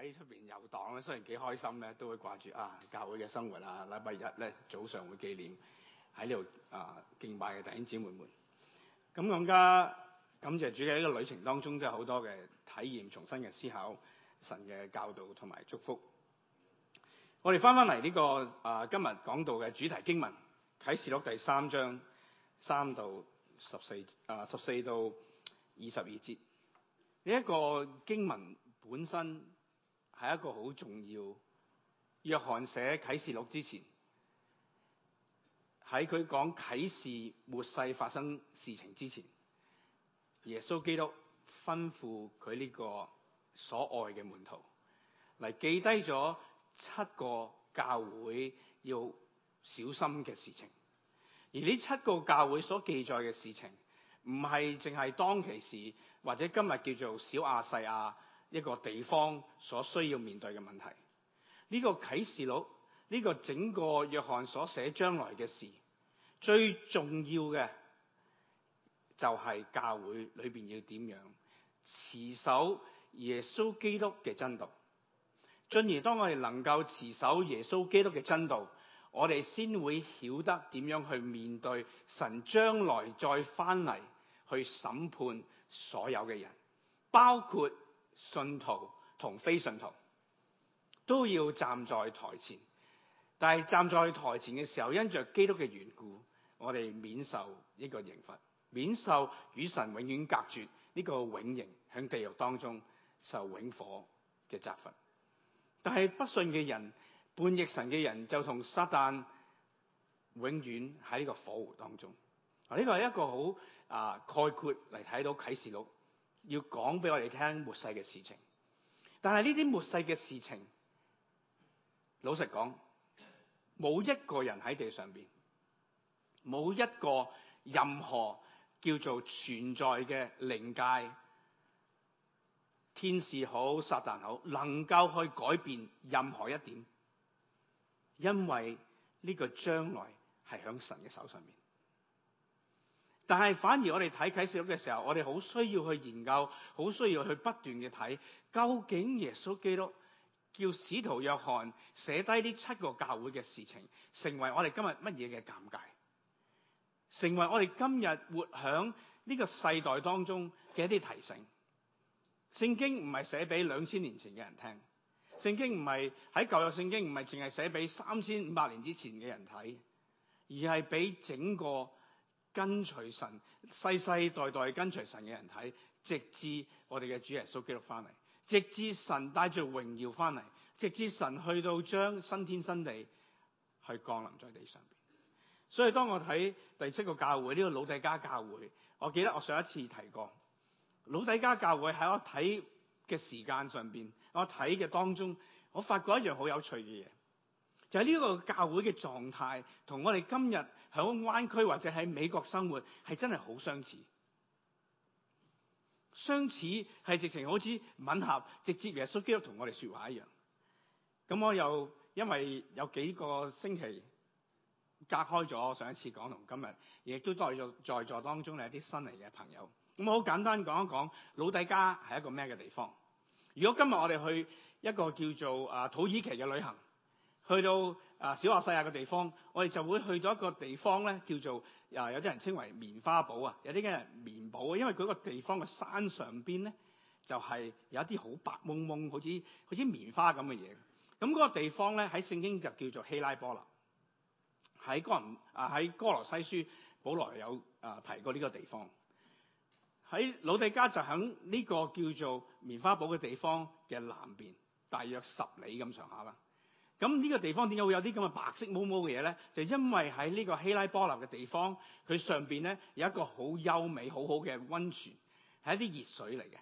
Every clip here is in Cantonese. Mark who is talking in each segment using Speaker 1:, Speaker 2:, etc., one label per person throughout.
Speaker 1: 喺出邊遊蕩咧，雖然幾開心咧，都會掛住啊教會嘅生活啦、啊。禮拜日咧早上會紀念喺呢度啊敬拜嘅弟兄姊妹們。咁更加感謝主嘅呢個旅程當中，都有好多嘅體驗，重新嘅思考神嘅教導同埋祝福。我哋翻翻嚟呢個啊、呃、今日講到嘅主題經文啟示錄第三章三到十四啊十四到二十二節呢一、呢個經文本身。係一個好重要。約翰寫啟示錄之前，喺佢講啟示末世發生事情之前，耶穌基督吩咐佢呢個所愛嘅門徒，嚟記低咗七個教會要小心嘅事情。而呢七個教會所記載嘅事情，唔係淨係當其時或者今日叫做小亞細亞，一個地方所需要面對嘅問題，呢個啟示錄，呢個整個約翰所寫將來嘅事，最重要嘅就係教會裏邊要點樣持守耶穌基督嘅真道，進而當我哋能夠持守耶穌基督嘅真道，我哋先會曉得點樣去面對神將來再翻嚟去審判所有嘅人，包括。信徒同非信徒都要站在台前，但係站在台前嘅時候，因着基督嘅緣故，我哋免受呢個刑罰，免受與神永遠隔絕呢、這個永刑，響地獄當中受永火嘅責罰。但係不信嘅人、叛逆神嘅人，就同撒旦永遠喺呢個火湖當中。啊，呢、這個係一個好啊概括嚟睇到啟示錄。要講俾我哋聽末世嘅事情，但係呢啲末世嘅事情，老實講，冇一個人喺地上面，冇一個任何叫做存在嘅靈界，天使好、撒旦好，能夠去改變任何一點，因為呢個將來係響神嘅手上面。但係反而我哋睇啟示錄嘅時候，我哋好需要去研究，好需要去不斷嘅睇，究竟耶穌基督叫使徒約翰寫低呢七個教會嘅事情，成為我哋今日乜嘢嘅鑑戒，成為我哋今日活響呢個世代當中嘅一啲提醒。聖經唔係寫俾兩千年前嘅人聽，聖經唔係喺舊約聖經，唔係淨係寫俾三千五百年之前嘅人睇，而係俾整個。跟隨神、世世代代跟隨神嘅人睇，直至我哋嘅主耶穌基督翻嚟，直至神帶住榮耀翻嚟，直至神去到將新天新地去降臨在地上。所以當我睇第七個教會呢，這個老底嘉教會，我記得我上一次提過老底嘉教會喺我睇嘅時間上邊，我睇嘅當中，我發覺一樣好有趣嘅嘢。就係呢個教會嘅狀態同我哋今日響灣區或者喺美國生活係真係好相似。相似係直情好似吻合，直接耶穌基督同我哋說話一樣。咁我又因為有幾個星期隔開咗上一次講同今日，亦都多咗在座當中一啲新嚟嘅朋友。咁我好簡單講一講，老底嘉係一個咩嘅地方。如果今日我哋去一個叫做啊土耳其嘅旅行。去到啊小亞細亞嘅地方，我哋就會去到一個地方咧，叫做啊有啲人稱為棉花堡啊，有啲嘅人棉堡，因為嗰個地方嘅山上邊咧，就係有一啲好白蒙蒙，好似好似棉花咁嘅嘢。咁、那、嗰個地方咧，喺聖經就叫做希拉波啦。喺哥啊，喺哥羅西書，保羅有啊提過呢個地方。喺老底嘉就喺呢個叫做棉花堡嘅地方嘅南邊，大約十里咁上下啦。咁呢個地方點解會有啲咁嘅白色毛毛嘅嘢咧？就因為喺呢個希拉波立嘅地方，佢上邊咧有一個好優美、好好嘅温泉，係一啲熱水嚟嘅。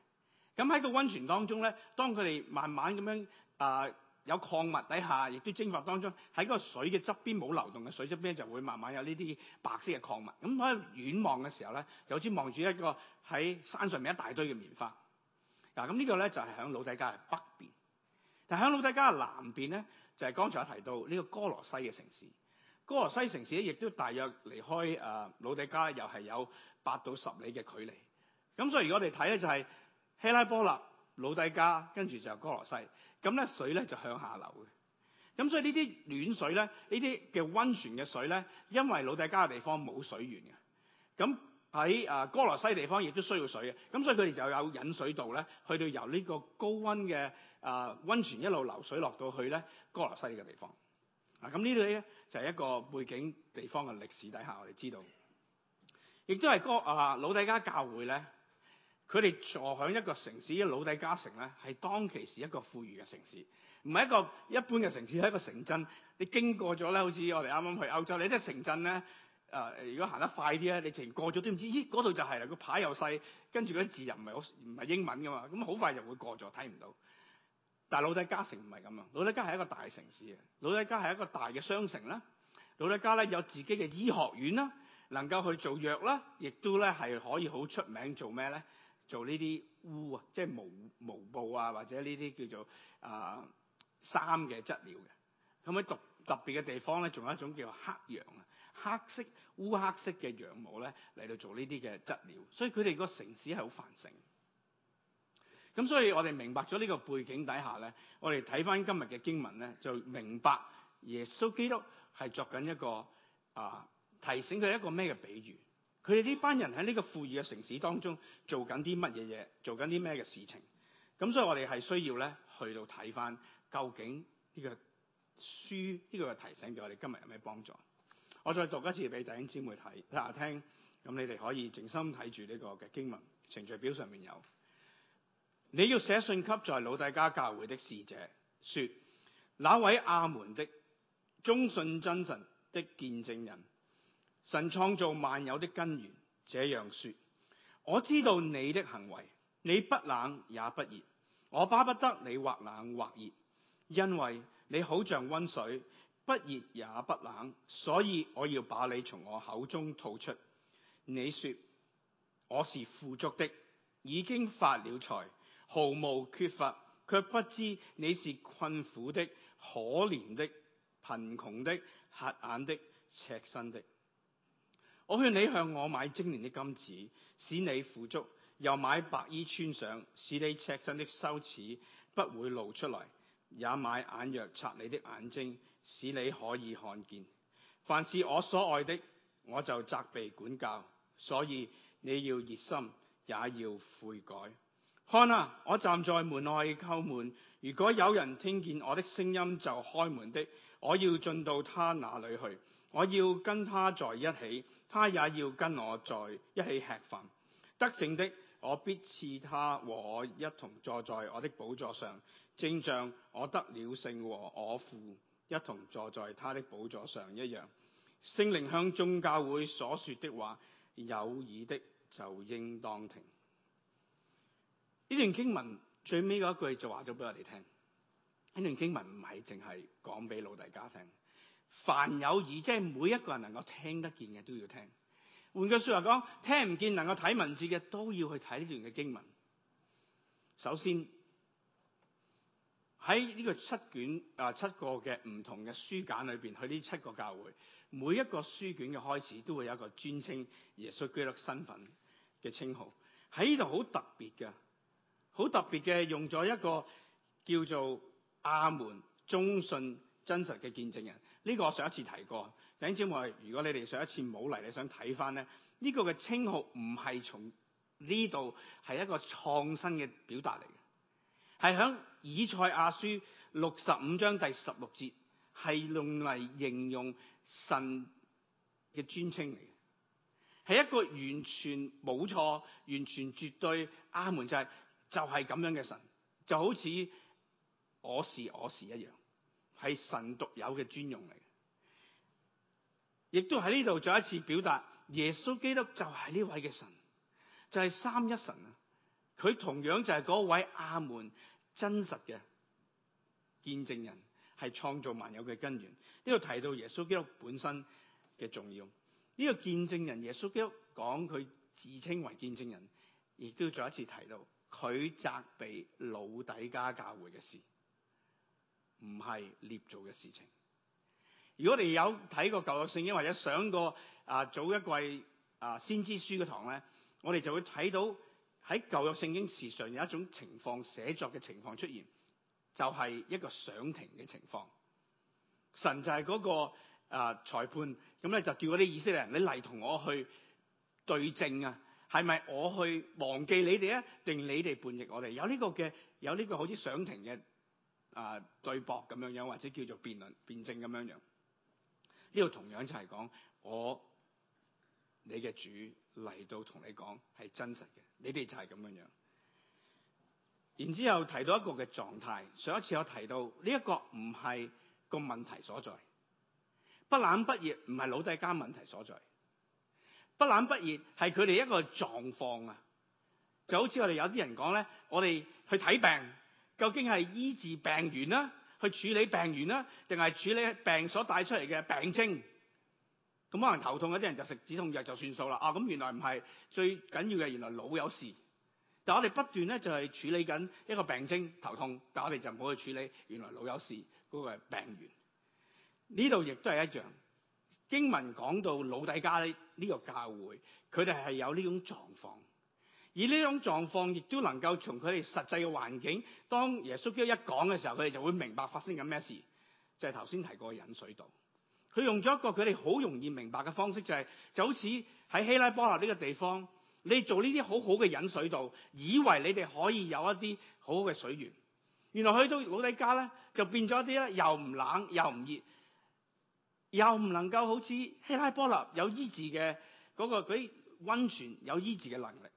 Speaker 1: 咁喺個温泉當中咧，當佢哋慢慢咁樣啊，有礦物底下，亦都蒸發當中，喺個水嘅側邊冇流動嘅水側邊就會慢慢有呢啲白色嘅礦物。咁喺以遠望嘅時候咧，就好似望住一個喺山上面一大堆嘅棉花。嗱，咁呢個咧就係喺老底嘉嘅北邊，但喺老底嘉嘅南邊咧。就係剛才提到呢、這個哥羅西嘅城市，哥羅西城市咧，亦都大約離開誒老底嘉，又係有八到十里嘅距離。咁所以如果我哋睇咧，就係、是、希拉波勒、老底嘉，跟住就哥羅西，咁咧水咧就向下流嘅。咁所以呢啲暖水咧，呢啲嘅温泉嘅水咧，因為老底嘉嘅地方冇水源嘅，咁喺誒哥羅西地方亦都需要水嘅。咁所以佢哋就有引水道咧，去到由呢個高温嘅。啊，溫泉一路流水落到去咧，哥羅西嘅地方。嗱、啊，咁呢度咧就係、是、一個背景地方嘅歷史底下，我哋知道。亦都係哥啊，老底嘉教會咧，佢哋坐響一個城市，老底嘉城咧，係當其時一個富裕嘅城市，唔係一個一般嘅城市，係一個城鎮。你經過咗咧，好似我哋啱啱去歐洲，你即係城鎮咧。啊、呃，如果行得快啲咧，你直情過咗都唔知，咦，嗰度就係啦，個牌又細，跟住嗰啲字又唔係好唔係英文噶嘛，咁好快就會過咗，睇唔到。但係老底嘉城唔係咁啊！老底嘉係一個大城市啊！老底嘉係一個大嘅商城啦，老底嘉咧有自己嘅醫學院啦，能夠去做藥啦，亦都咧係可以好出名做咩咧？做呢啲污啊，即係毛毛布啊，或者呢啲叫做啊衫嘅質料嘅。咁喺獨特別嘅地方咧，仲有一種叫做黑羊啊，黑色烏黑色嘅羊毛咧嚟到做呢啲嘅質料。所以佢哋個城市係好繁盛。咁所以，我哋明白咗呢個背景底下咧，我哋睇翻今日嘅經文咧，就明白耶穌基督係作緊一個啊、呃、提醒佢一個咩嘅比喻。佢哋呢班人喺呢個富裕嘅城市當中做緊啲乜嘢嘢，做緊啲咩嘅事情。咁所以我哋係需要咧去到睇翻究竟呢個書呢、呢個提醒咗我哋今日有咩幫助。我再讀一次俾弟兄姊妹睇下聽，咁你哋可以靜心睇住呢個嘅經文，程序表上面有。你要寫信給在老底嘉教會的使者，說：那位阿門的忠信真神的見證人，神創造萬有的根源這樣說：我知道你的行為，你不冷也不熱，我巴不得你或冷或熱，因為你好像溫水，不熱也不冷，所以我要把你從我口中吐出。你說我是富足的，已經發了財。毫無缺乏，卻不知你是困苦的、可憐的、貧窮的、瞎眼的、赤身的。我勸你向我買精煉的金子，使你富足；又買白衣穿上，使你赤身的羞恥不會露出來；也買眼藥擦你的眼睛，使你可以看見。凡是我所愛的，我就責備管教，所以你要熱心，也要悔改。看啊！我站在門外叩門，如果有人聽見我的聲音就開門的，我要進到他那裏去，我要跟他在一起，他也要跟我在一起吃飯。得勝的，我必賜他和我一同坐在我的寶座上，正像我得了勝和我父一同坐在他的寶座上一樣。聖靈向眾教會所說的話，有耳的就應當聽。呢段經文最尾嗰一句就話咗俾我哋聽，呢段經文唔係淨係講俾老大家聽，凡有耳，即係每一個人能夠聽得見嘅都要聽。換句說話講，聽唔見能夠睇文字嘅都要去睇呢段嘅經文。首先喺呢個七卷啊、呃、七個嘅唔同嘅書簡裏邊，去，呢七個教會，每一個書卷嘅開始都會有一個專稱耶穌基督身份嘅稱號，喺呢度好特別噶。好特別嘅，用咗一個叫做阿門忠信真實嘅見證人。呢、這個我上一次提過。等陣，如果你哋上一次冇嚟，你想睇翻呢？呢、這個嘅稱號唔係從呢度，係一個創新嘅表達嚟嘅，係響以賽亞書六十五章第十六節，係用嚟形容神嘅尊稱嚟嘅，係一個完全冇錯、完全絕對阿門就係、是。就係咁樣嘅神，就好似我是我是一樣，係神獨有嘅專用嚟。亦都喺呢度再一次表達耶穌基督就係呢位嘅神，就係三一神啊。佢同樣就係嗰位阿門真實嘅見證人，係創造萬有嘅根源。呢度提到耶穌基督本身嘅重要，呢個見證人耶穌基督講佢自稱為見證人，亦都再一次提到。佢責備老底嘉教會嘅事，唔係捏造嘅事情。如果你有睇過舊約聖經，或者上過啊、呃、早一季啊、呃、先知書嘅堂咧，我哋就會睇到喺舊約聖經時常有一種情況，寫作嘅情況出現，就係、是、一個上庭嘅情況。神就係嗰、那個、呃、裁判，咁咧就叫嗰啲以色列人你嚟同我去對證啊！係咪我去忘記你哋啊？定你哋叛逆我哋？有呢個嘅，有呢個好似上庭嘅啊、呃、對駁咁樣樣，或者叫做辯論、辯證咁樣樣。呢度同樣就係講我你嘅主嚟到同你講係真實嘅，你哋就係咁樣樣。然之後提到一個嘅狀態，上一次我提到呢一、這個唔係個問題所在，不冷不熱唔係老底嘉問題所在。不冷不熱係佢哋一個狀況啊，就好似我哋有啲人講咧，我哋去睇病，究竟係醫治病源啦，去處理病源啦，定係處理病所帶出嚟嘅病徵？咁可能頭痛嗰啲人就食止痛藥就算數啦。啊，咁原來唔係，最緊要嘅原來腦有事。但我哋不斷咧就係處理緊一個病徵頭痛，但係我哋就好去處理原來腦有事嗰個係病源。呢度亦都係一樣。經文講到老底嘉呢個教會，佢哋係有呢種狀況，而呢種狀況亦都能夠從佢哋實際嘅環境，當耶穌基督一講嘅時候，佢哋就會明白發生緊咩事。就係頭先提過嘅引水道，佢用咗一個佢哋好容易明白嘅方式，就係、是、就好似喺希拉波羅呢個地方，你做呢啲好好嘅引水道，以為你哋可以有一啲好好嘅水源，原來去到老底嘉呢，就變咗一啲又唔冷又唔熱。又唔能夠好似希拉波立有醫治嘅嗰、嗰個嗰啲溫泉有醫治嘅能力，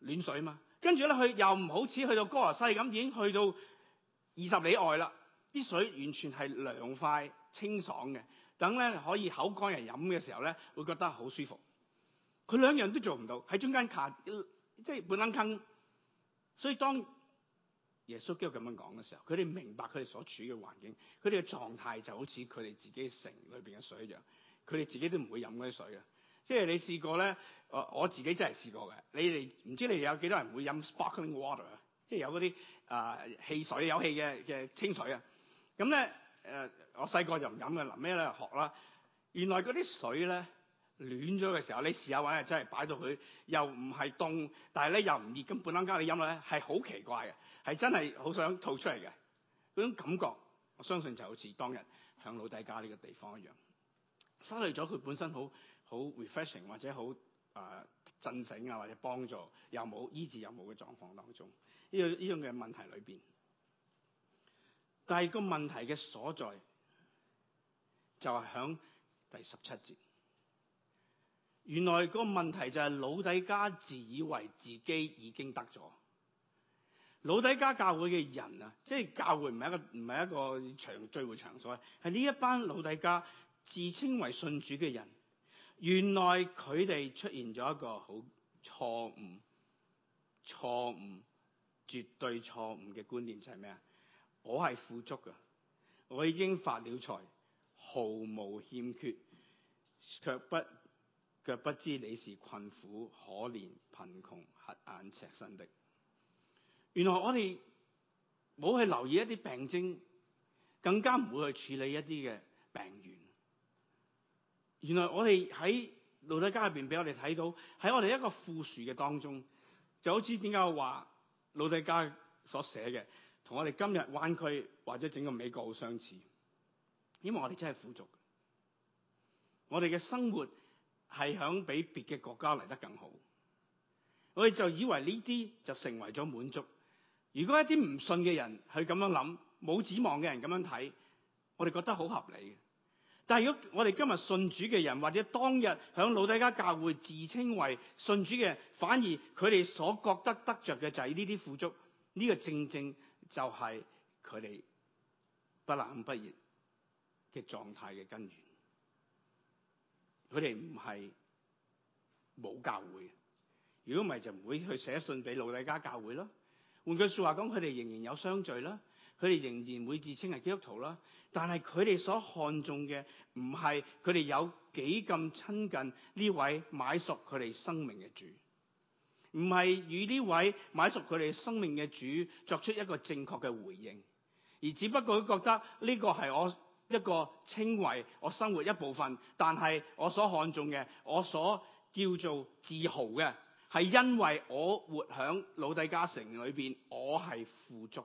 Speaker 1: 暖水嘛。跟住咧，佢又唔好似去到哥羅西咁，已經去到二十里外啦。啲水完全係涼快清爽嘅，等咧可以口乾人飲嘅時候咧，會覺得好舒服。佢兩樣都做唔到，喺中間卡，即係半冷坑，所以當。耶穌基督咁樣講嘅時候，佢哋明白佢哋所處嘅環境，佢哋嘅狀態就好似佢哋自己城裏邊嘅水一樣，佢哋自己都唔會飲嗰啲水嘅。即係你試過咧，我我自己真係試過嘅。你哋唔知你哋有幾多人會飲 sparkling water，啊？即、呃、係有嗰啲啊汽水有氣嘅嘅清水啊。咁咧誒，我細個就唔飲嘅，臨尾咧學啦。原來嗰啲水咧。暖咗嘅時候，你試下玩，真係擺到佢又唔係凍，但係咧又唔熱咁半間加嘅音樂咧係好奇怪嘅，係真係好想吐出嚟嘅種感覺，我相信就好似當日響老底嘉呢個地方一樣，失去咗佢本身好好 refreshing 或者好誒震醒啊或者幫助又冇醫治又冇嘅狀況當中，呢個呢樣嘅問題裏邊，但係個問題嘅所在就係、是、響第十七節。原來個問題就係老底嘉自以為自己已經得咗，老底嘉教會嘅人啊，即係教會唔係一個唔係一個場聚會場所啊，係呢一班老底嘉自稱為信主嘅人，原來佢哋出現咗一個好錯誤、錯誤、絕對錯誤嘅觀念就係咩啊？我係富足㗎，我已經發了財，毫無欠缺，卻不。卻不知你是困苦、可憐、貧窮、瞎眼、赤身的。原來我哋冇去留意一啲病徵，更加唔會去處理一啲嘅病源。原來我哋喺老底嘉入邊俾我哋睇到，喺我哋一個富庶嘅當中，就好似點解我話老底嘉所寫嘅，同我哋今日灣區或者整個美國好相似。因為我哋真係富足，我哋嘅生活。係響比別嘅國家嚟得更好，我哋就以為呢啲就成為咗滿足。如果一啲唔信嘅人去，去咁樣諗，冇指望嘅人咁樣睇，我哋覺得好合理。但係如果我哋今日信主嘅人，或者當日響老底嘉教會自稱為信主嘅人，反而佢哋所覺得得着嘅就係呢啲富足，呢、這個正正就係佢哋不冷不熱嘅狀態嘅根源。佢哋唔係冇教會，如果唔係就唔會去寫信俾老底嘉教會咯。換句說話講，佢哋仍然有相聚啦，佢哋仍然會自稱係基督徒啦。但係佢哋所看重嘅唔係佢哋有幾咁親近呢位買贖佢哋生命嘅主，唔係與呢位買贖佢哋生命嘅主作出一個正確嘅回應，而只不過佢覺得呢個係我。一個稱為我生活一部分，但係我所看重嘅，我所叫做自豪嘅，係因為我活響老底嘉城裏邊，我係富足，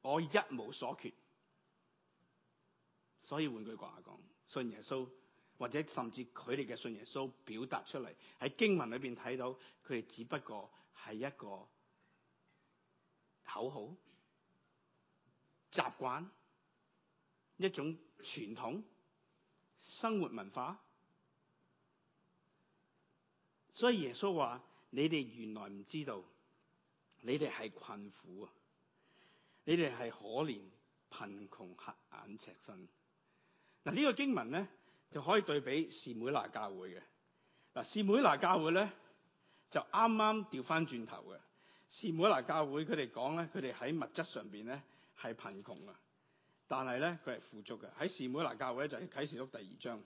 Speaker 1: 我一無所缺。所以換句話講，信耶穌，或者甚至佢哋嘅信耶穌表達出嚟，喺經文裏邊睇到，佢哋只不過係一個口號、習慣。一種傳統生活文化，所以耶穌話：你哋原來唔知道，你哋係困苦啊，你哋係可憐、貧窮、黑眼赤身。嗱、這、呢個經文咧就可以對比士每拿教會嘅。嗱，士每拿教會咧就啱啱調翻轉頭嘅。士每拿教會佢哋講咧，佢哋喺物質上邊咧係貧窮啊。但係咧，佢係富足嘅。喺士每拿教會咧，就係、是、啟示錄第二章。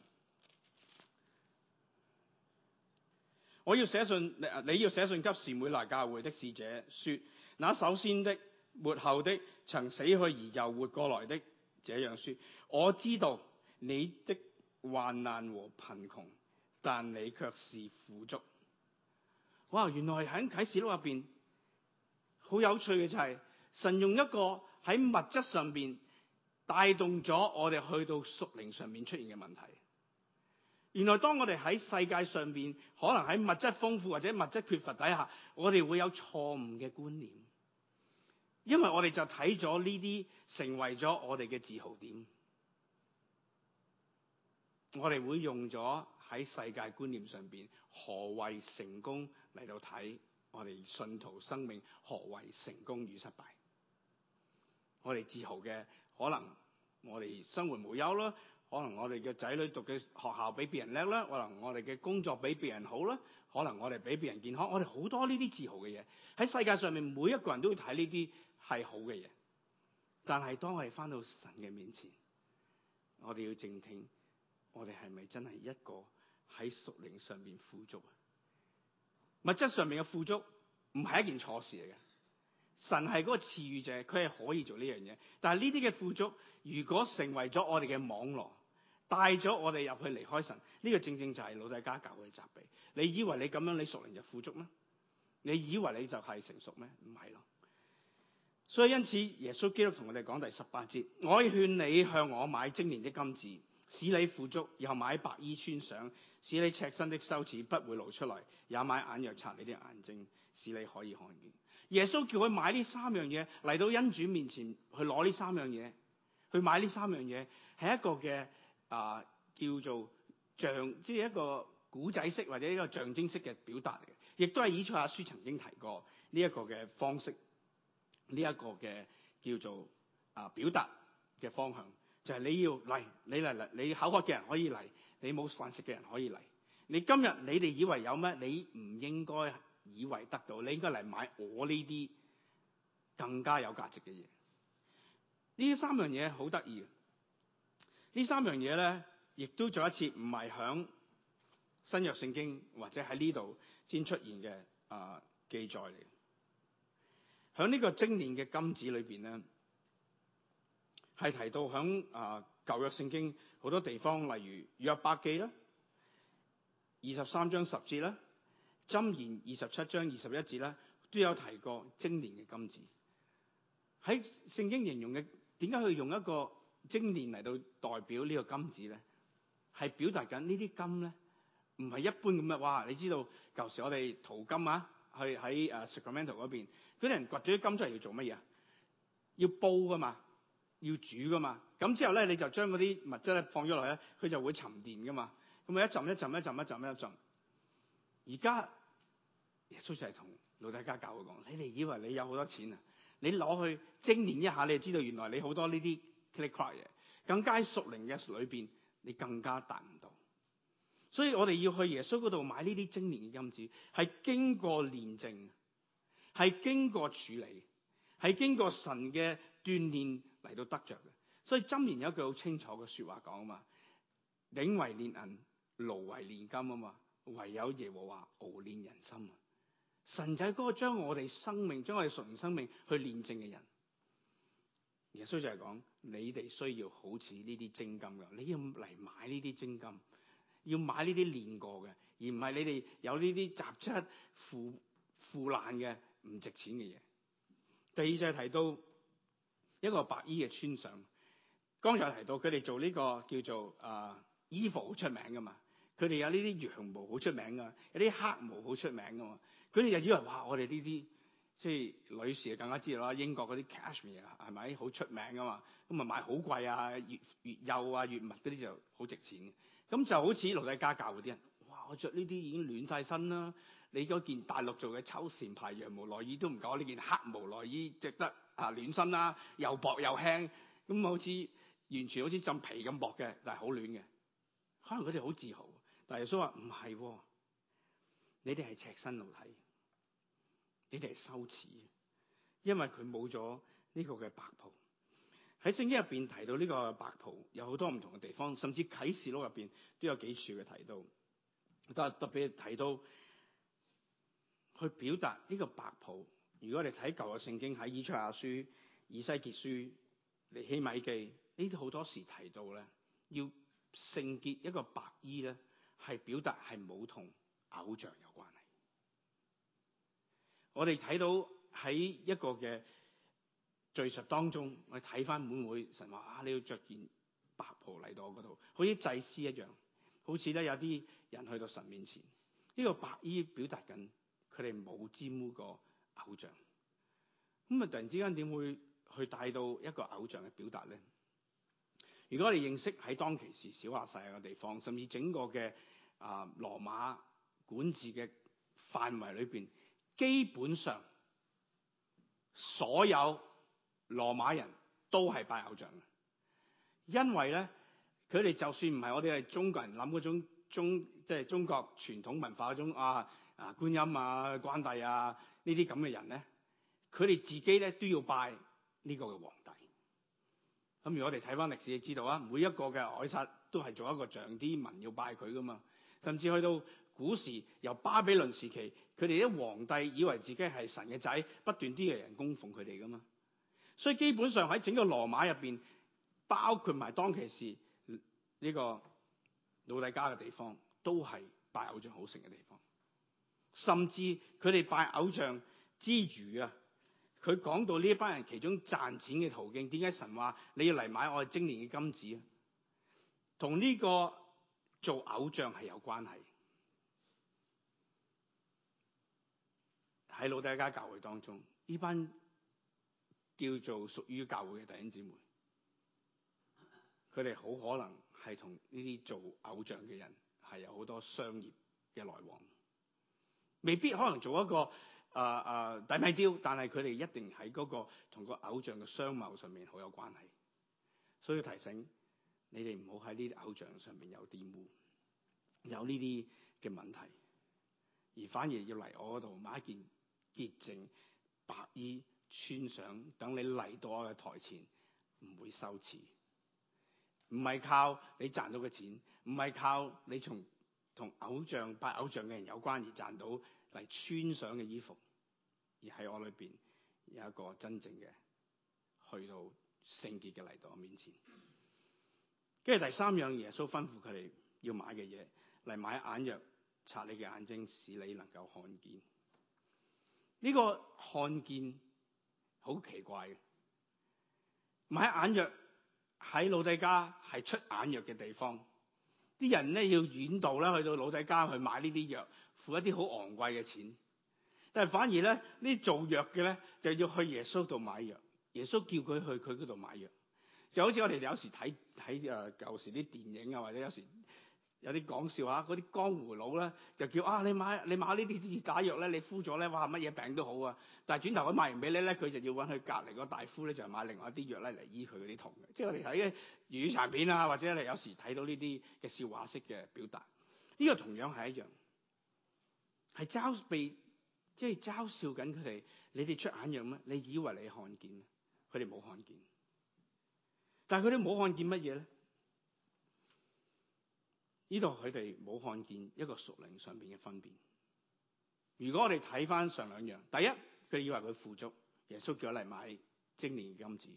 Speaker 1: 我要寫信你，你要寫信給士每拿教會的使者，說：那首先的、末後的、曾死去而又活過來的，這樣說：我知道你的患難和貧窮，但你卻是富足。哇！原來喺啟示錄入邊，好有趣嘅就係、是、神用一個喺物質上邊。帶動咗我哋去到屬靈上面出現嘅問題。原來當我哋喺世界上邊，可能喺物質豐富或者物質缺乏底下，我哋會有錯誤嘅觀念，因為我哋就睇咗呢啲成為咗我哋嘅自豪點。我哋會用咗喺世界觀念上邊何為成功嚟到，睇我哋信徒生命何為成功與失敗。我哋自豪嘅。可能我哋生活無憂啦，可能我哋嘅仔女讀嘅學校比別人叻啦，可能我哋嘅工作比別人好啦，可能我哋比別人健康，我哋好多呢啲自豪嘅嘢。喺世界上面，每一個人都會睇呢啲係好嘅嘢。但係當我哋返到神嘅面前，我哋要靜聽，我哋係咪真係一個喺屬靈上面富足啊？物質上面嘅富足唔係一件錯事嚟嘅。神係嗰個賜予者，佢係可以做呢樣嘢。但係呢啲嘅富足，如果成為咗我哋嘅網羅，帶咗我哋入去離開神，呢、這個正正就係老底嘉教嘅責備。你以為你咁樣你熟人就富足咩？你以為你就係成熟咩？唔係咯。所以因此，耶穌基督同我哋講第十八節：我勸你向我買精煉的金子，使你富足；又買白衣穿上，使你赤身的羞恥不會露出來；也買眼藥擦你啲眼睛，使你可以看見。耶穌叫佢買呢三樣嘢嚟到恩主面前去攞呢三樣嘢，去買呢三樣嘢係一個嘅啊、呃，叫做像，即係一個古仔式或者一個象徵式嘅表達嚟嘅，亦都係以賽亞書曾經提過呢一個嘅方式，呢、這、一個嘅叫做啊、呃、表達嘅方向，就係、是、你要嚟，你嚟嚟，你口渴嘅人可以嚟，你冇飯食嘅人可以嚟，你今日你哋以為有咩，你唔應該。以為得到，你應該嚟買我呢啲更加有價值嘅嘢。三三呢三樣嘢好得意，呢三樣嘢咧，亦都再一次唔係響新約聖經或者喺呢度先出現嘅啊、呃、記載嚟。響呢個精煉嘅金子裏邊咧，係提到響啊舊約聖經好多地方，例如約伯記啦，二十三章十節啦。箴言二十七章二十一節咧，都有提過精煉嘅金子。喺聖經形容嘅，點解佢用一個精煉嚟到代表呢個金子咧？係表達緊呢啲金咧，唔係一般咁嘅。哇！你知道舊時我哋淘金啊，去喺誒 Sacramento 嗰邊，嗰啲人掘咗啲金出嚟要做乜嘢啊？要煲噶嘛，要煮噶嘛。咁之後咧，你就將嗰啲物質咧放咗落去咧，佢就會沉澱噶嘛。咁啊一浸一浸一浸一浸一浸。一而家耶穌就係同老底嘉教會講：你哋以為你有好多錢啊？你攞去精煉一下，你就知道原來你好多呢啲 critical 嘢。更加喺屬靈嘅裏邊，你更加達唔到。所以我哋要去耶穌嗰度買呢啲精煉嘅金子，係經過煉淨，係經過處理，係經過神嘅鍛煉嚟到得，得着。所以箴言有一句好清楚嘅說話講啊嘛：鼎為煉銀，爐為煉金啊嘛。唯有耶和華熬煉人心啊！神仔哥將我哋生命，將我哋純生命去煉淨嘅人。耶穌就係講，你哋需要好似呢啲精金嘅，你要嚟買呢啲精金，要買呢啲煉過嘅，而唔係你哋有呢啲雜質腐腐爛嘅唔值錢嘅嘢。第二就係提到一個白衣嘅穿上，剛才提到佢哋做呢、這個叫做啊衣服好出名噶嘛。佢哋有呢啲羊毛好出名噶，有啲黑毛好出名噶嘛。佢哋就以為哇，我哋呢啲即係女士更加知道啦，英國啲 cashmere 係咪好出名噶嘛？咁啊買好貴啊，越越幼啊，越密啲就，就好值錢嘅。咁就好似老底嘉教會啲人，哇！我着呢啲已經暖晒身啦。你嗰件大陸做嘅秋線牌羊毛內衣都唔夠呢件黑毛內衣值得啊暖身啦，又薄又輕，咁好似完全好似浸皮咁薄嘅，但係好暖嘅。可能佢哋好自豪。但耶穌話唔係，你哋係赤身露體，你哋係羞恥，因為佢冇咗呢個嘅白袍。喺聖經入邊提到呢個白袍，有好多唔同嘅地方，甚至啟示錄入邊都有幾處嘅提到。但係特別提到去表達呢個白袍。如果你睇舊嘅聖經喺以賽亞書、以西結書、尼希米記，呢啲好多時提到咧，要聖潔一個白衣咧。係表達係冇同偶像有關係。我哋睇到喺一個嘅敘述當中，我哋睇翻會唔會神話啊？你要着件白袍嚟到嗰度，好似祭司一樣，好似咧有啲人去到神面前，呢個白衣表達緊佢哋冇沾污過偶像。咁啊，突然之間點會去帶到一個偶像嘅表達咧？如果我哋認識喺當其時小亞細亞嘅地方，甚至整個嘅。啊！羅馬管治嘅範圍裏邊，基本上所有羅馬人都係拜偶像嘅，因為咧佢哋就算唔係我哋係中國人諗嗰種中，即係中國傳統文化嗰種，啊啊觀音啊關帝啊呢啲咁嘅人咧，佢哋自己咧都要拜呢個嘅皇帝。咁、嗯、如果我哋睇翻歷史，你知道啊，每一個嘅凱撒都係做一個像，啲民要拜佢噶嘛。甚至去到古時，由巴比倫時期，佢哋啲皇帝以為自己係神嘅仔，不斷啲嘅人供奉佢哋噶嘛。所以基本上喺整個羅馬入邊，包括埋當其時呢個老底嘉嘅地方，都係拜偶像好盛嘅地方。甚至佢哋拜偶像之餘啊，佢講到呢一班人其中賺錢嘅途徑，點解神話你要嚟買我哋精煉嘅金子啊？同呢、這個。做偶像係有關係，喺老底嘉教會當中，呢班叫做屬於教會嘅弟兄姊妹，佢哋好可能係同呢啲做偶像嘅人係有好多商業嘅來往，未必可能做一個啊啊底米丟，但係佢哋一定喺嗰、嗰個同個偶像嘅商貿上面好有關係，所以提醒。你哋唔好喺呢啲偶像上面有玷污，有呢啲嘅問題，而反而要嚟我嗰度買一件潔淨白衣穿上，等你嚟到我嘅台前，唔會羞恥。唔係靠你賺到嘅錢，唔係靠你從同偶像拜偶像嘅人有關而賺到嚟穿上嘅衣服，而喺我裏邊有一個真正嘅，去到聖潔嘅嚟到我面前。跟住第三樣，耶穌吩咐佢哋要買嘅嘢嚟買眼藥，擦你嘅眼睛，使你能夠看見。呢、這個看見好奇怪嘅，買眼藥喺老底嘉係出眼藥嘅地方，啲人咧要遠度道啦去到老底嘉去買呢啲藥，付一啲好昂貴嘅錢。但係反而咧，做藥呢做藥嘅咧就要去耶穌度買藥，耶穌叫佢去佢嗰度買藥。就好似我哋有時睇睇誒舊時啲電影啊，或者有時有啲講笑嚇，嗰啲江湖佬咧就叫啊，你買你買呢啲假藥咧，你敷咗咧，哇乜嘢病都好啊！但係轉頭佢賣完俾你咧，佢就要揾佢隔離個大夫咧，就係買另外一啲藥咧嚟醫佢嗰啲痛嘅。即係我哋睇嘅粵語殘片啊，或者你有時睇到呢啲嘅笑話式嘅表達，呢個同樣係一樣，係嘲被即係嘲笑緊佢哋。你哋出眼藥咩？你以為你看見？佢哋冇看見。但係佢哋冇看見乜嘢咧？呢度佢哋冇看見一個屬靈上邊嘅分辨。如果我哋睇翻上兩樣，第一佢哋以為佢富足，耶穌叫嚟買精煉金子，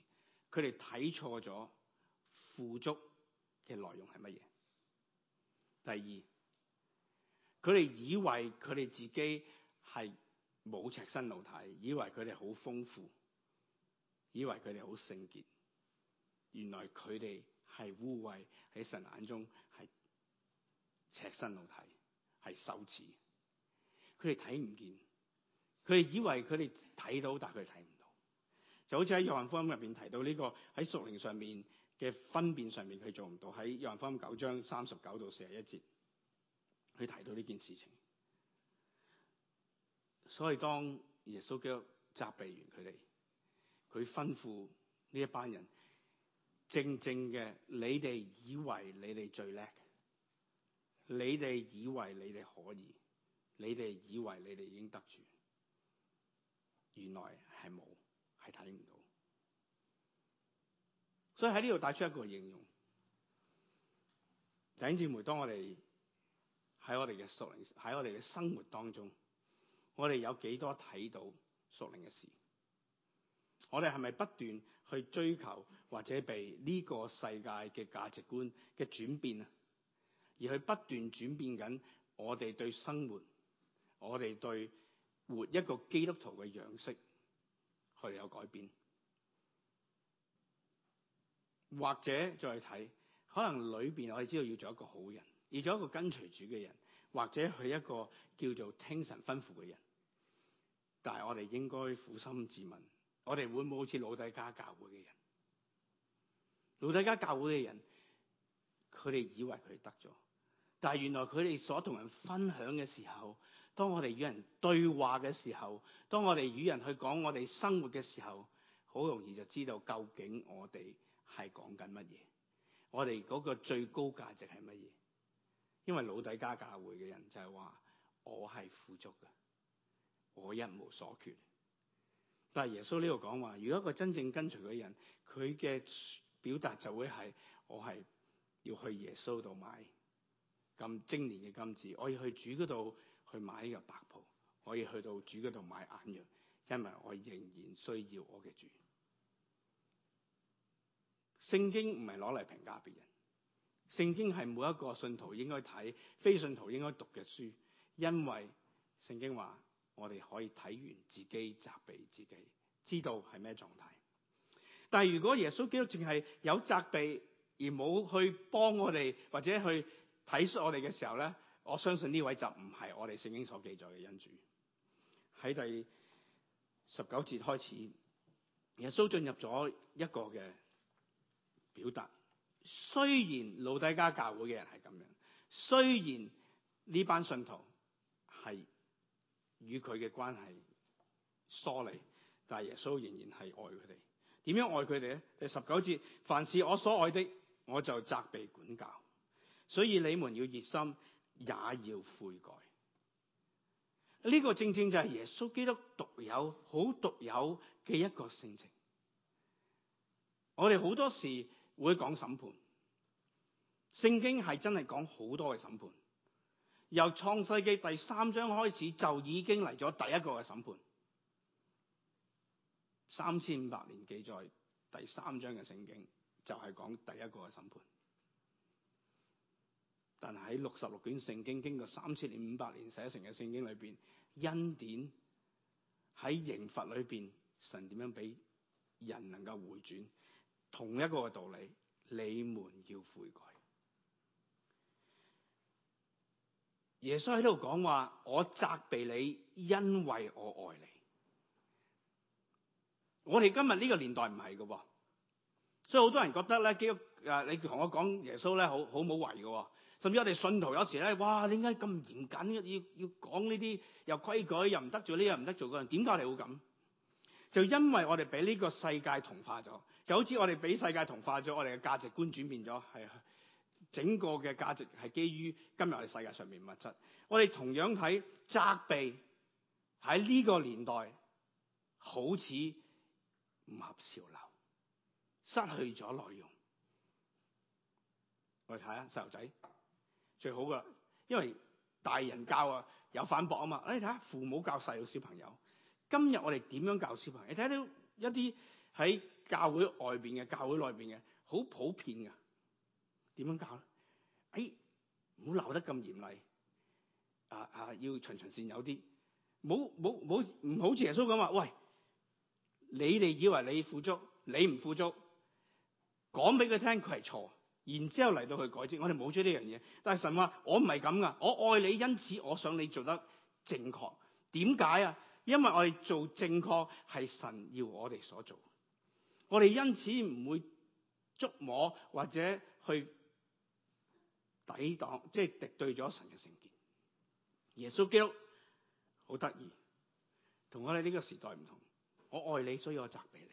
Speaker 1: 佢哋睇錯咗富足嘅內容係乜嘢？第二，佢哋以為佢哋自己係冇赤身露體，以為佢哋好豐富，以為佢哋好聖潔。原來佢哋係污穢，喺神眼中係赤身露體，係羞恥。佢哋睇唔見，佢哋以為佢哋睇到，但佢哋睇唔到。就好似喺約翰福音入邊提到呢、這個喺屬靈上面嘅分辨上面佢做唔到。喺約翰福音九章三十九到四十一節，佢提到呢件事情。所以當耶穌基督責備完佢哋，佢吩咐呢一班人。正正嘅，你哋以為你哋最叻，你哋以為你哋可以，你哋以為你哋已經得住，原來係冇，係睇唔到。所以喺呢度帶出一個應用。頂住每當我哋喺我哋嘅屬靈，喺我哋嘅生活當中，我哋有幾多睇到屬靈嘅事？我哋係咪不斷？去追求或者被呢個世界嘅價值觀嘅轉變啊，而去不斷轉變緊我哋對生活、我哋對活一個基督徒嘅樣式，去有改變。或者再睇，可能裏邊我哋知道要做一個好人，要做一個跟隨主嘅人，或者係一個叫做聽神吩咐嘅人。但係我哋應該苦心自問。我哋會唔好似老底嘉教會嘅人，老底嘉教會嘅人，佢哋以為佢得咗，但係原來佢哋所同人分享嘅時候，當我哋與人對話嘅時候，當我哋與人去講我哋生活嘅時候，好容易就知道究竟我哋係講緊乜嘢，我哋嗰個最高價值係乜嘢？因為老底嘉教會嘅人就係話我係富足嘅，我一無所缺。嗱，耶穌呢度講話，如果一個真正跟隨嘅人，佢嘅表達就會係，我係要去耶穌度買咁精煉嘅金子，我要去主嗰度去買呢個白袍，我要去到主嗰度買眼藥，因為我仍然需要我嘅主。聖經唔係攞嚟評價別人，聖經係每一個信徒應該睇，非信徒應該讀嘅書，因為聖經話。我哋可以睇完自己責備自己，知道係咩狀態，但係如果耶穌基督淨係有責備而冇去幫我哋或者去體恤我哋嘅時候咧，我相信呢位就唔係我哋聖經所記載嘅恩主。喺第十九節開始，耶穌進入咗一個嘅表達，雖然老底嘉教會嘅人係咁樣，雖然呢班信徒係。與佢嘅關係疏離，但係耶穌仍然係愛佢哋。點樣愛佢哋咧？第十九節：凡是我所愛的，我就責備管教。所以你們要熱心，也要悔改。呢、這個正正就係耶穌基督獨有、好獨有嘅一個性情。我哋好多時會講審判，聖經係真係講好多嘅審判。由創世紀第三章開始就已經嚟咗第一個嘅審判，三千五百年記載第三章嘅聖經就係講第一個嘅審判。但係喺六十六卷聖經經過三千年五百年寫成嘅聖經裏邊，恩典喺刑罰裏邊，神點樣俾人能夠回轉？同一個嘅道理，你們要悔改。耶穌喺度講話，我責備你，因為我愛你。我哋今日呢個年代唔係噶所以好多人覺得咧，基督誒，你同我講耶穌咧，好好冇謂噶甚至我哋信徒有時咧，哇，點解咁嚴謹？要要講呢啲又規矩，又唔得做呢樣，唔得做嗰樣，點解你哋會咁？就因為我哋俾呢個世界同化咗，就好似我哋俾世界同化咗，我哋嘅價值觀轉變咗，係整個嘅價值係基於今日我哋世界上面物質。我哋同樣睇責備喺呢個年代好似唔合潮流，失去咗內容。我哋睇下細路仔最好噶，因為大人教啊有反駁啊嘛。你睇下父母教細個小朋友，今日我哋點樣教小朋友？你睇到一啲喺教會外邊嘅、教會內邊嘅，好普遍噶。點樣教咧？哎，唔好鬧得咁嚴厲，啊啊，要循循善誘啲，唔好唔好唔好，唔好似耶穌咁話，喂，你哋以為你富足，你唔富足，講俾佢聽佢係錯，然之後嚟到去改正，我哋冇咗呢樣嘢。但係神話我唔係咁噶，我愛你，因此我想你做得正確。點解啊？因為我哋做正確係神要我哋所做，我哋因此唔會捉摸或者去。抵擋即係敵對咗神嘅聖潔。耶穌基督好得意，同我哋呢個時代唔同。我愛你，所以我責備你。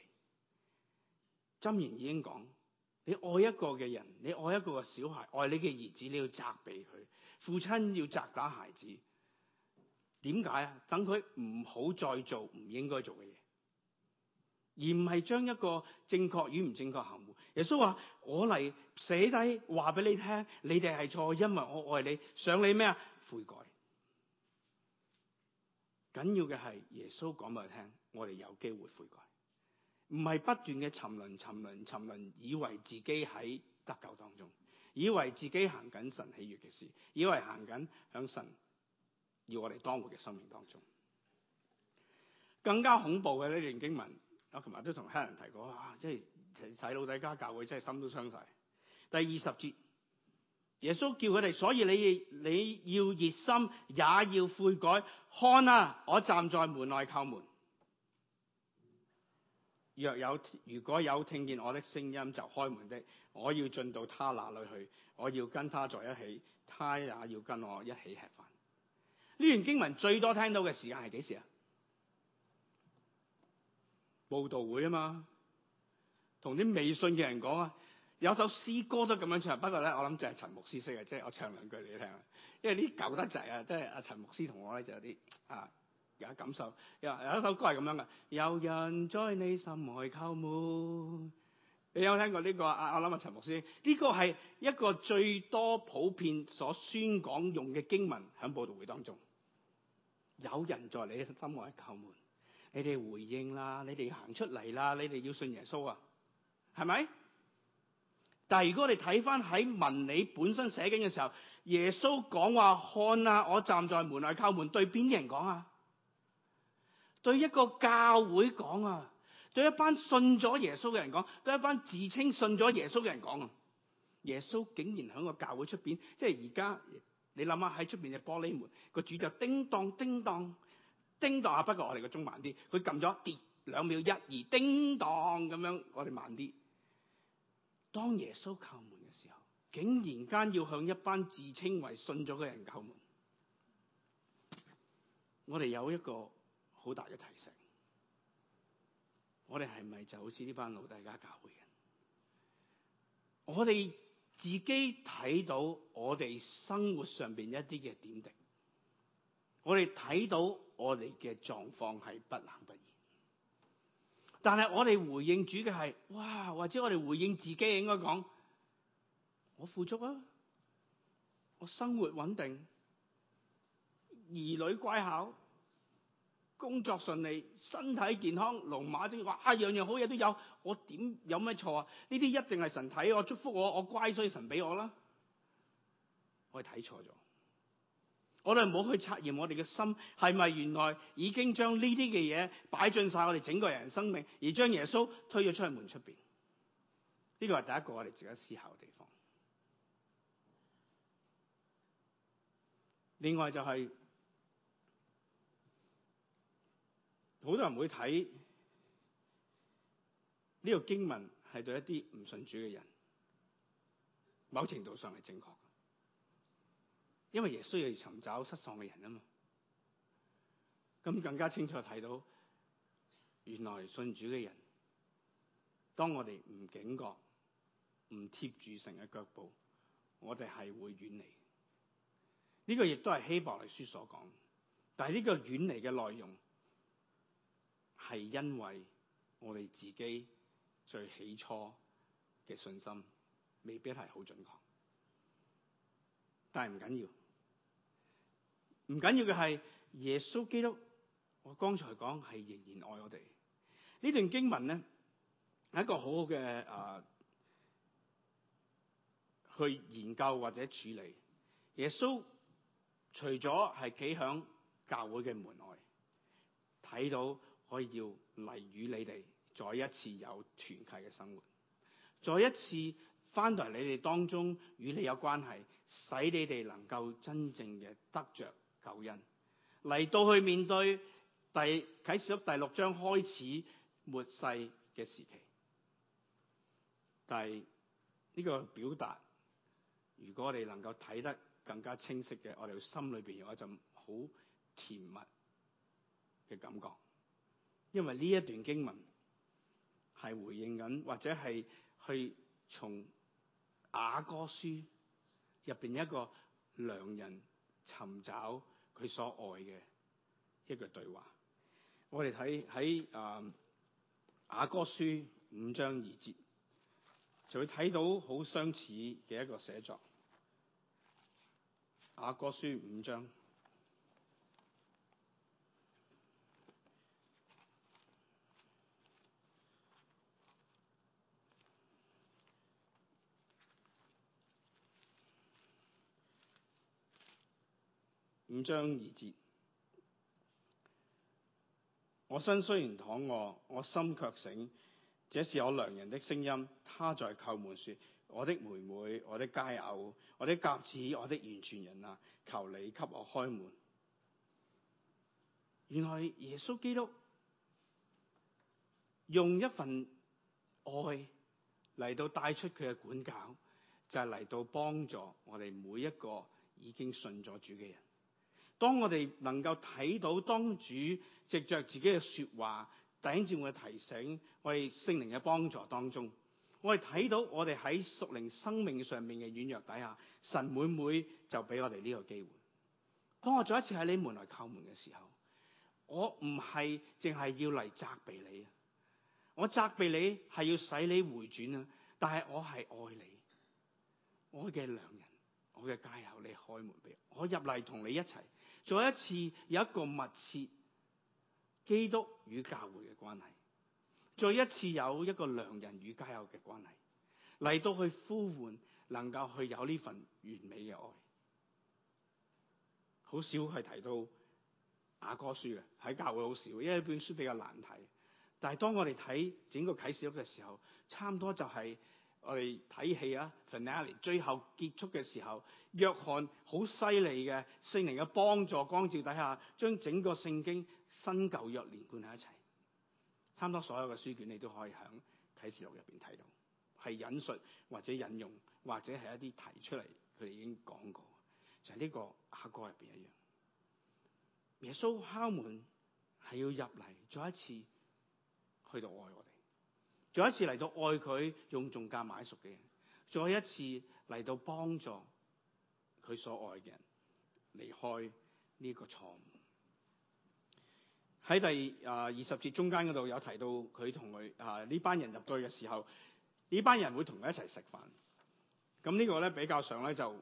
Speaker 1: 箴言已經講，你愛一個嘅人，你愛一個嘅小孩，愛你嘅兒子，你要責備佢。父親要責打孩子，點解啊？等佢唔好再做唔應該做嘅嘢。而唔係將一個正確與唔正確行，耶穌話：我嚟寫低話俾你聽，你哋係錯，因為我愛你，想你咩啊悔改。緊要嘅係耶穌講俾你聽，我哋有機會悔改，唔係不斷嘅沉淪、沉淪、沉淪，以為自己喺得救當中，以為自己行緊神喜悦嘅事，以為在行緊向神要我哋當活嘅生命當中。更加恐怖嘅呢段經文。我琴日同埋都同 Helen 提過，哇！即係細老底嘉教會，真係心都傷晒。第二十節，耶穌叫佢哋，所以你你要熱心，也要悔改。看啊，我站在門外叩門，若有如果有聽見我的聲音，就開門的，我要進到他那裏去，我要跟他在一起，他也要跟我一起吃飯。呢段經文最多聽到嘅時間係幾時啊？報道會啊嘛，同啲未信嘅人講啊，有首詩歌都咁樣唱，不過咧我諗就係陳牧師識嘅，即係我唱兩句畀你聽，因為呢舊得滯啊，即係阿陳牧師同我咧就有啲啊有感受，有一首歌係咁樣嘅， 有人在你心外叩門，你有冇聽過呢、這個啊？我諗阿陳牧師呢、這個係一個最多普遍所宣講用嘅經文喺報道會當中，有人在你心外叩門。你哋回應啦，你哋行出嚟啦，你哋要信耶穌啊，係咪？但係如果你睇翻喺文理本身寫經嘅時候，耶穌講話看啊，我站在門外叩門，對邊啲人講啊？對一個教會講啊？對一班信咗耶穌嘅人講？對一班自稱信咗耶穌嘅人講啊？耶穌竟然喺個教會出邊，即係而家你諗下喺出邊嘅玻璃門，個主就叮噹叮噹。叮噹啊！不過我哋個鐘慢啲，佢撳咗跌兩秒，一二叮噹咁樣，我哋慢啲。當耶穌叩門嘅時候，竟然間要向一班自稱為信咗嘅人叩門，我哋有一個好大嘅提醒，我哋係咪就好似呢班老底嘉教會嘅人？我哋自己睇到我哋生活上面一啲嘅點滴，我哋睇到。我哋嘅狀況係不冷不熱，但係我哋回應主嘅係，哇，或者我哋回應自己應該講，我富足啊，我生活穩定，兒女乖巧，工作順利，身體健康，龍馬精神，啊，樣樣好嘢都有，我點有咩錯啊？呢啲一定係神睇我祝福我，我乖，所以神俾我啦，我哋睇錯咗。我哋唔好去測驗我哋嘅心，係咪原來已經將呢啲嘅嘢擺進晒我哋整個人生命，而將耶穌推咗出去門出邊。呢個係第一個我哋自己思考嘅地方。另外就係、是、好多人會睇呢、這個經文係對一啲唔信主嘅人，某程度上係正確。因為耶穌要尋找失喪嘅人啊嘛，咁更加清楚睇到，原來信主嘅人，當我哋唔警覺、唔貼住神嘅腳步，我哋係會遠離。呢、這個亦都係希伯來書所講，但係呢個遠離嘅內容，係因為我哋自己最起初嘅信心未必係好準確，但係唔緊要。唔緊要嘅係耶穌基督，我剛才講係仍然愛我哋。呢段經文咧，係一個好好嘅啊，去研究或者處理。耶穌除咗係企響教會嘅門外，睇到可以要嚟與你哋再一次有團契嘅生活，再一次翻到嚟你哋當中與你有關係，使你哋能夠真正嘅得着。舊人嚟到去面對第啟示錄第六章開始末世嘅時期，但係呢個表達，如果我哋能夠睇得更加清晰嘅，我哋心裏邊有一陣好甜蜜嘅感覺，因為呢一段經文係回應緊，或者係去從雅歌書入邊一個良人尋找。佢所愛嘅一句對話，我哋睇喺《雅歌、啊、書》五章二節，就會睇到好相似嘅一個寫作，啊，《雅歌書》五章。五章二節，我身雖然躺卧，我心卻醒。這是我良人的聲音，他在叩門說：我的妹妹，我的佳偶，我的鴿子，我的完全人啊！求你給我開門。原來耶穌基督用一份愛嚟到帶出佢嘅管教，就係、是、嚟到幫助我哋每一個已經信咗主嘅人。當我哋能夠睇到當主藉著自己嘅說話、第住我嘅提醒、我哋聖靈嘅幫助當中，我哋睇到我哋喺屬靈生命上面嘅軟弱底下，神會唔會就俾我哋呢個機會？當我再一次喺你門來叩門嘅時候，我唔係淨係要嚟責備你，我責備你係要使你回轉啊！但係我係愛你，我嘅良人，我嘅佳偶，你開門俾我入嚟同你一齊。再一次有一個密切基督與教會嘅關係，再一次有一個良人與佳友嘅關係，嚟到去呼喚能夠去有呢份完美嘅愛。好少係提到雅歌書嘅喺教會好少，因為呢本書比較難睇。但係當我哋睇整個啟示錄嘅時候，差唔多就係、是。我哋睇戲啊 Finale 最後結束嘅時候，約翰好犀利嘅，聖靈嘅幫助光照底下，將整個聖經新舊約連貫喺一齊。差唔多所有嘅書卷，你都可以響啟示錄入邊睇到，係引述或者引用或者係一啲提出嚟，佢哋已經講過，就係、是、呢個阿哥入邊一樣。耶穌敲門係要入嚟，再一次去到愛我哋。再一次嚟到愛佢，用重價買贖嘅人；再一次嚟到幫助佢所愛嘅人離開呢個錯誤。喺第啊二十節中間嗰度有提到他他，佢同佢啊呢班人入去嘅時候，呢班人會同佢一齊食飯。咁呢個咧比較上咧就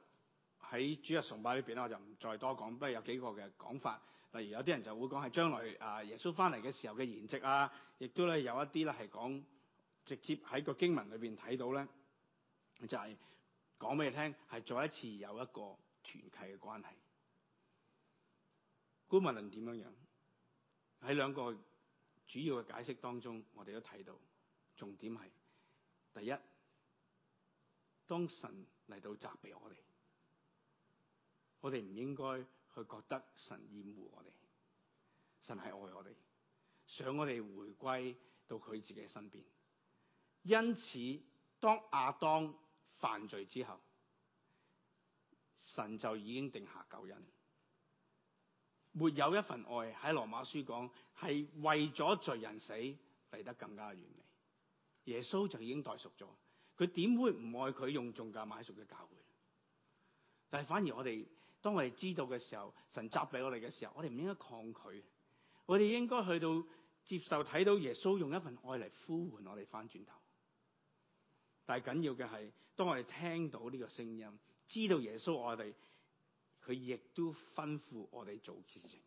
Speaker 1: 喺主日崇拜呢邊啦，我就唔再多講。不過有幾個嘅講法，例如有啲人就會講係將來啊耶穌翻嚟嘅時候嘅筵席啊，亦都咧有一啲咧係講。直接喺個經文裏邊睇到咧，就係講俾你聽，係再一次有一個團契嘅關係。觀文論點樣樣喺兩個主要嘅解釋當中，我哋都睇到重點係第一，當神嚟到責備我哋，我哋唔應該去覺得神厭惡我哋，神係愛我哋，想我哋回歸到佢自己身邊。因此，當亞當犯罪之後，神就已經定下救恩，沒有一份愛喺羅馬書講係為咗罪人死嚟，得更加完美。耶穌就已經代贖咗，佢點會唔愛佢用重價買贖嘅教會？但係反而我哋當我哋知道嘅時候，神責俾我哋嘅時候，我哋唔應該抗拒，我哋應該去到接受，睇到耶穌用一份愛嚟呼喚我哋返轉頭。最緊要嘅係，當我哋聽到呢個聲音，知道耶穌我哋，佢亦都吩咐我哋做事情。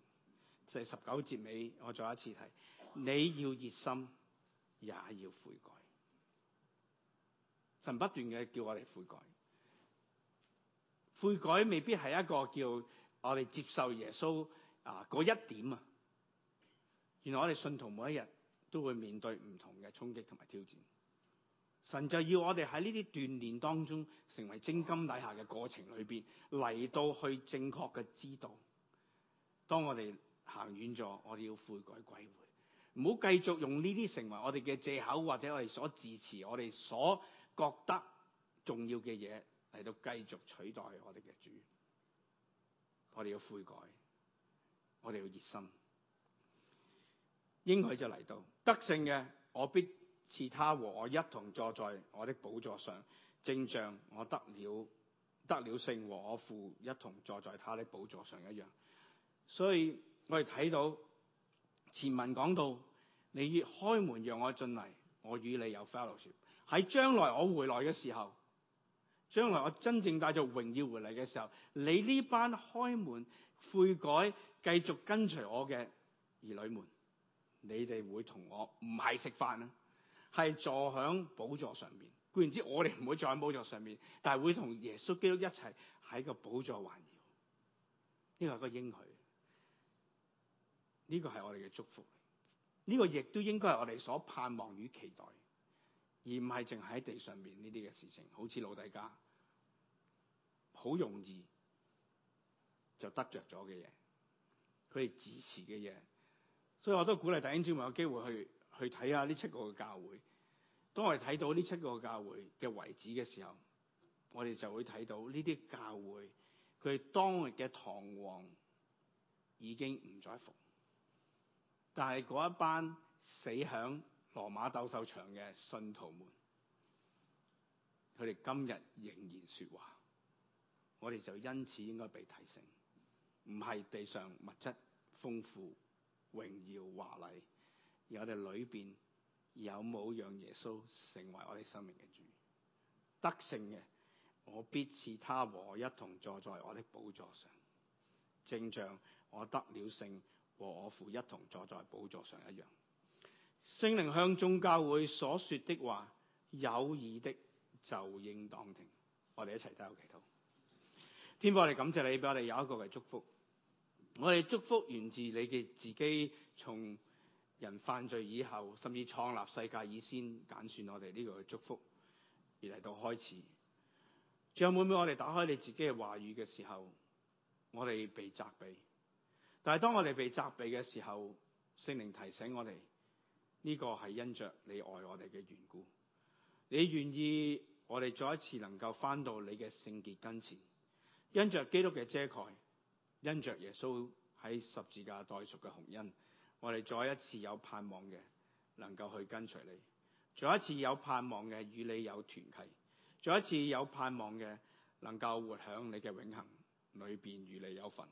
Speaker 1: 就係十九節尾，我再一次提，你要熱心，也要悔改。神不斷嘅叫我哋悔改，悔改未必係一個叫我哋接受耶穌啊嗰一點啊。原來我哋信徒每一日都會面對唔同嘅衝擊同埋挑戰。神就要我哋喺呢啲鍛煉當中，成為精金底下嘅過程裏邊嚟到去正確嘅知道。當我哋行遠咗，我哋要悔改歸回，唔好繼續用呢啲成為我哋嘅借口，或者我哋所自持、我哋所覺得重要嘅嘢嚟到繼續取代我哋嘅主。我哋要悔改，我哋要熱心。應許就嚟到，得勝嘅我必。似他和我一同坐在我的寶座上，正像我得了得了勝，和我父一同坐在他的寶座上一樣。所以我哋睇到前文講到，你開門讓我進嚟，我與你有 fellowship。喺將來我回來嘅時候，將來我真正帶著榮耀回來嘅時候，你呢班開門悔改繼續跟隨我嘅兒女們，你哋會同我唔係食飯啊？係坐喺寶座上面，固然之我哋唔會坐喺寶座上面，但係會同耶穌基督一齊喺個寶座環繞，呢個係個應許，呢個係我哋嘅祝福，呢個亦都應該係我哋所盼望與期待，而唔係淨係喺地上面呢啲嘅事情，好似老底嘉好容易就得着咗嘅嘢，佢哋支持嘅嘢，所以我都鼓勵弟兄姊妹有機會去。去睇下呢七個教會。當我哋睇到呢七個教會嘅位置嘅時候，我哋就會睇到呢啲教會佢當日嘅堂皇已經唔再服。但係嗰一班死響羅馬鬥獸場嘅信徒們，佢哋今日仍然說話，我哋就因此應該被提醒，唔係地上物質豐富、榮耀華麗。而我哋裏邊有冇讓耶穌成為我哋生命嘅主？得勝嘅，我必賜他和我一同坐在我的寶座上，正像我得了勝和我父一同坐在寶座上一樣。聖靈向眾教會所說的話，有耳的就應當聽。我哋一齊都有祈禱。天父，我哋感謝你，畀我哋有一個嘅祝福。我哋祝福源自你嘅自己從。人犯罪，以後，甚至創立世界以先，揀選我哋呢個祝福，而嚟到開始。最後每每我哋打開你自己嘅話語嘅時候，我哋被責備，但係當我哋被責備嘅時候，聖靈提醒我哋，呢個係因着你愛我哋嘅緣故，你願意我哋再一次能夠翻到你嘅聖潔跟前，因着基督嘅遮蓋，因着耶穌喺十字架代贖嘅紅恩。我哋再一次有盼望嘅，能夠去跟隨你；再一次有盼望嘅，與你有團契；再一次有盼望嘅，能夠活響你嘅永恒裏邊，與你有份，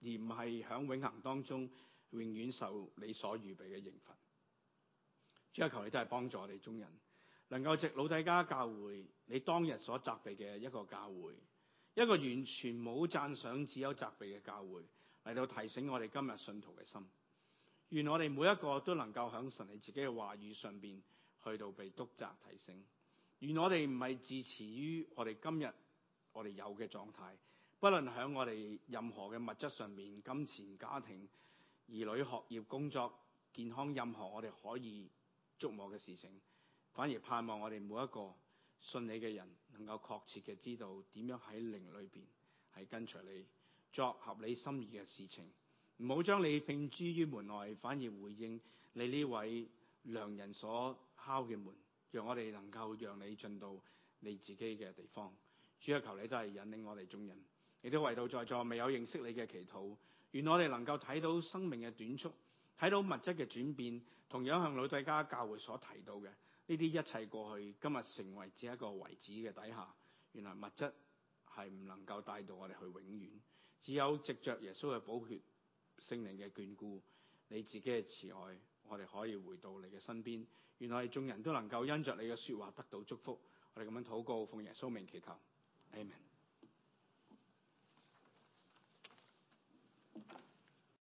Speaker 1: 而唔係響永恒當中永遠受你所預備嘅刑罰。主啊，求你都係幫助我哋中人，能夠藉老底嘉教會，你當日所責備嘅一個教會，一個完全冇讚賞、只有責備嘅教會，嚟到提醒我哋今日信徒嘅心。願我哋每一個都能夠喺神你自己嘅話語上邊去到被督責提醒。願我哋唔係自恃於我哋今日我哋有嘅狀態，不論喺我哋任何嘅物質上面、金錢、家庭、兒女、學業、工作、健康，任何我哋可以觸摸嘅事情，反而盼望我哋每一個信你嘅人能夠確切嘅知道點樣喺靈裏邊係跟隨你作合你心意嘅事情。唔好將你並諸於門外，反而回應你呢位良人所敲嘅門，讓我哋能夠讓你進到你自己嘅地方。主啊，求你都係引領我哋眾人，你都為到在座未有認識你嘅祈禱。原來我哋能夠睇到生命嘅短促，睇到物質嘅轉變，同樣向老底嘉教會所提到嘅呢啲一切過去，今日成為只一個遺址嘅底下。原來物質係唔能夠帶到我哋去永遠，只有藉着耶穌嘅寶血。聖靈嘅眷顧，你自己嘅慈愛，我哋可以回到你嘅身邊。原來眾人都能夠因着你嘅說話得到祝福。我哋咁樣禱告，奉耶穌名祈求，阿門。